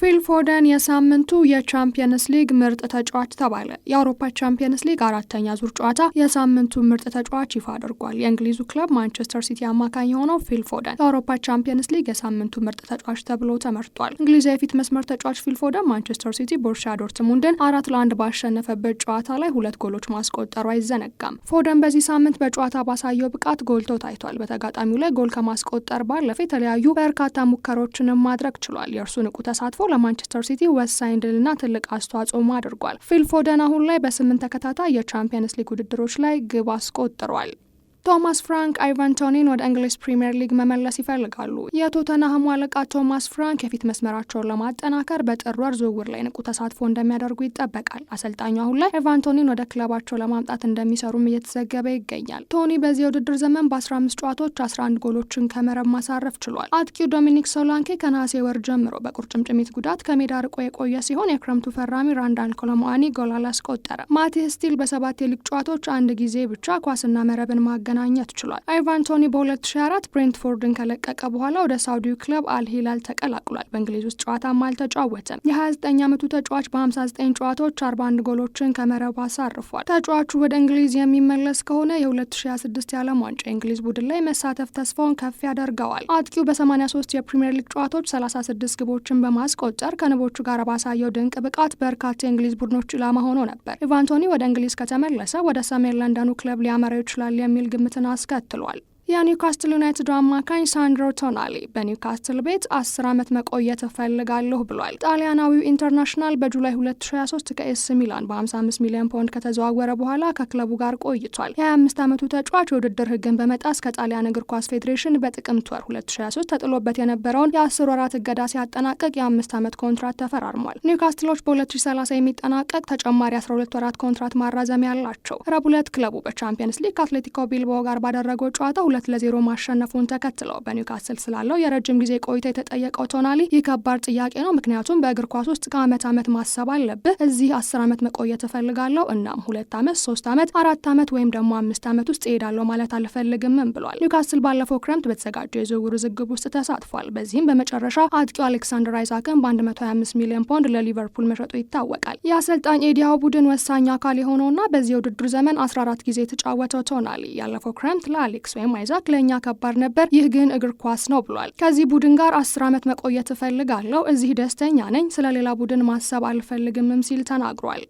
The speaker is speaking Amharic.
ፊል ፎደን የሳምንቱ የቻምፒየንስ ሊግ ምርጥ ተጫዋች ተባለ። የአውሮፓ ቻምፒየንስ ሊግ አራተኛ ዙር ጨዋታ የሳምንቱ ምርጥ ተጫዋች ይፋ አድርጓል። የእንግሊዙ ክለብ ማንቸስተር ሲቲ አማካኝ የሆነው ፊል ፎደን የአውሮፓ ቻምፒየንስ ሊግ የሳምንቱ ምርጥ ተጫዋች ተብሎ ተመርጧል። እንግሊዝ የፊት መስመር ተጫዋች ፊል ፎደን ማንቸስተር ሲቲ ቦርሻ ዶርትሙንድን አራት ለአንድ ባሸነፈበት ጨዋታ ላይ ሁለት ጎሎች ማስቆጠሩ አይዘነጋም። ፎደን በዚህ ሳምንት በጨዋታ ባሳየው ብቃት ጎልቶ ታይቷል። በተጋጣሚው ላይ ጎል ከማስቆጠር ባለፈ የተለያዩ በርካታ ሙከራዎችንም ማድረግ ችሏል። የእርሱ ንቁ ተሳትፎ ለማንቸስተር ሲቲ ወሳኝ ድልና ትልቅ አስተዋጽኦም አድርጓል። ፊል ፎደን አሁን ላይ በስምንት ተከታታይ የቻምፒየንስ ሊግ ውድድሮች ላይ ግብ አስቆጥሯል። ቶማስ ፍራንክ አይቫን ቶኒን ወደ እንግሊዝ ፕሪምየር ሊግ መመለስ ይፈልጋሉ። የቶተንሃሙ አለቃ ቶማስ ፍራንክ የፊት መስመራቸውን ለማጠናከር በጥር ወር ዝውውር ላይ ንቁ ተሳትፎ እንደሚያደርጉ ይጠበቃል። አሰልጣኙ አሁን ላይ አይቫን ቶኒን ወደ ክለባቸው ለማምጣት እንደሚሰሩም እየተዘገበ ይገኛል። ቶኒ በዚህ የውድድር ዘመን በ15 ጨዋታዎች 11 ጎሎችን ከመረብ ማሳረፍ ችሏል። አጥቂው ዶሚኒክ ሶላንኬ ከነሐሴ ወር ጀምሮ በቁርጭምጭሚት ጉዳት ከሜዳ ርቆ የቆየ ሲሆን የክረምቱ ፈራሚ ራንዳን ኮሎሞአኒ ጎል አላስቆጠረ። ስቲል በሰባት የሊግ ጨዋታዎች አንድ ጊዜ ብቻ ኳስና መረብን ማገናኘ ማገናኘት ችሏል። አይቫን ቶኒ በ2004 ብሬንትፎርድን ከለቀቀ በኋላ ወደ ሳውዲው ክለብ አልሂላል ተቀላቅሏል። በእንግሊዝ ውስጥ ጨዋታም አልተጫወተም። የ29 ዓመቱ ተጫዋች በ59 ጨዋታዎች 41 ጎሎችን ከመረብ አሳርፏል። ተጫዋቹ ወደ እንግሊዝ የሚመለስ ከሆነ የ2026 የዓለም ዋንጫ የእንግሊዝ ቡድን ላይ መሳተፍ ተስፋውን ከፍ ያደርገዋል። አጥቂው በ83 የፕሪምየር ሊግ ጨዋታዎች 36 ግቦችን በማስቆጠር ከንቦቹ ጋር ባሳየው ድንቅ ብቃት በርካታ የእንግሊዝ ቡድኖች ኢላማ ሆኖ ነበር። ኢቫንቶኒ ወደ እንግሊዝ ከተመለሰ ወደ ሰሜን ለንደኑ ክለብ ሊያመራ ይችላል የሚል ግምት መገመትን አስከትሏል። የኒውካስትል ዩናይትዱ አማካኝ ሳንድሮ ቶናሊ በኒውካስትል ቤት አስር ዓመት መቆየት እፈልጋለሁ ብሏል። ጣሊያናዊው ኢንተርናሽናል በጁላይ 2023 ከኤስ ሚላን በ55 ሚሊዮን ፓውንድ ከተዘዋወረ በኋላ ከክለቡ ጋር ቆይቷል። የ25 ዓመቱ ተጫዋች የውድድር ሕግን በመጣስ ከጣሊያን እግር ኳስ ፌዴሬሽን በጥቅምት ወር 2023 ተጥሎበት የነበረውን የአስር ወራት እገዳ ሲያጠናቀቅ የአምስት ዓመት ኮንትራት ተፈራርሟል። ኒውካስትሎች በ2030 የሚጠናቀቅ ተጨማሪ 12 ወራት ኮንትራት ማራዘሚያ አላቸው። ረቡዕ ዕለት ክለቡ በቻምፒየንስ ሊግ ከአትሌቲኮ ቢልባኦ ጋር ባደረገው ጨዋታ ሁለት ለዜሮ ማሸነፉን ተከትሎ በኒውካስል ስላለው የረጅም ጊዜ ቆይታ የተጠየቀው ቶናሊ ይህ ከባድ ጥያቄ ነው፣ ምክንያቱም በእግር ኳስ ውስጥ ከአመት ዓመት ማሰብ አለብህ። እዚህ አስር ዓመት መቆየት እፈልጋለሁ። እናም ሁለት ዓመት ሶስት ዓመት አራት ዓመት ወይም ደግሞ አምስት ዓመት ውስጥ እሄዳለሁ ማለት አልፈልግምም ብሏል። ኒውካስል ባለፈው ክረምት በተዘጋጀው የዝውውር ዝግብ ውስጥ ተሳትፏል። በዚህም በመጨረሻ አጥቂው አሌክሳንደር አይዛክን በ125 ሚሊዮን ፓውንድ ለሊቨርፑል መሸጡ ይታወቃል። የአሰልጣኝ ኤዲያው ቡድን ወሳኝ አካል የሆነውና በዚህ የውድድር ዘመን 14 ጊዜ የተጫወተው ቶናሊ ያለፈው ክረምት ለአሌክስ ወይም መዛግ ለእኛ ከባድ ነበር። ይህ ግን እግር ኳስ ነው ብሏል። ከዚህ ቡድን ጋር አስር ዓመት መቆየት እፈልጋለሁ። እዚህ ደስተኛ ነኝ። ስለ ሌላ ቡድን ማሰብ አልፈልግምም ሲል ተናግሯል።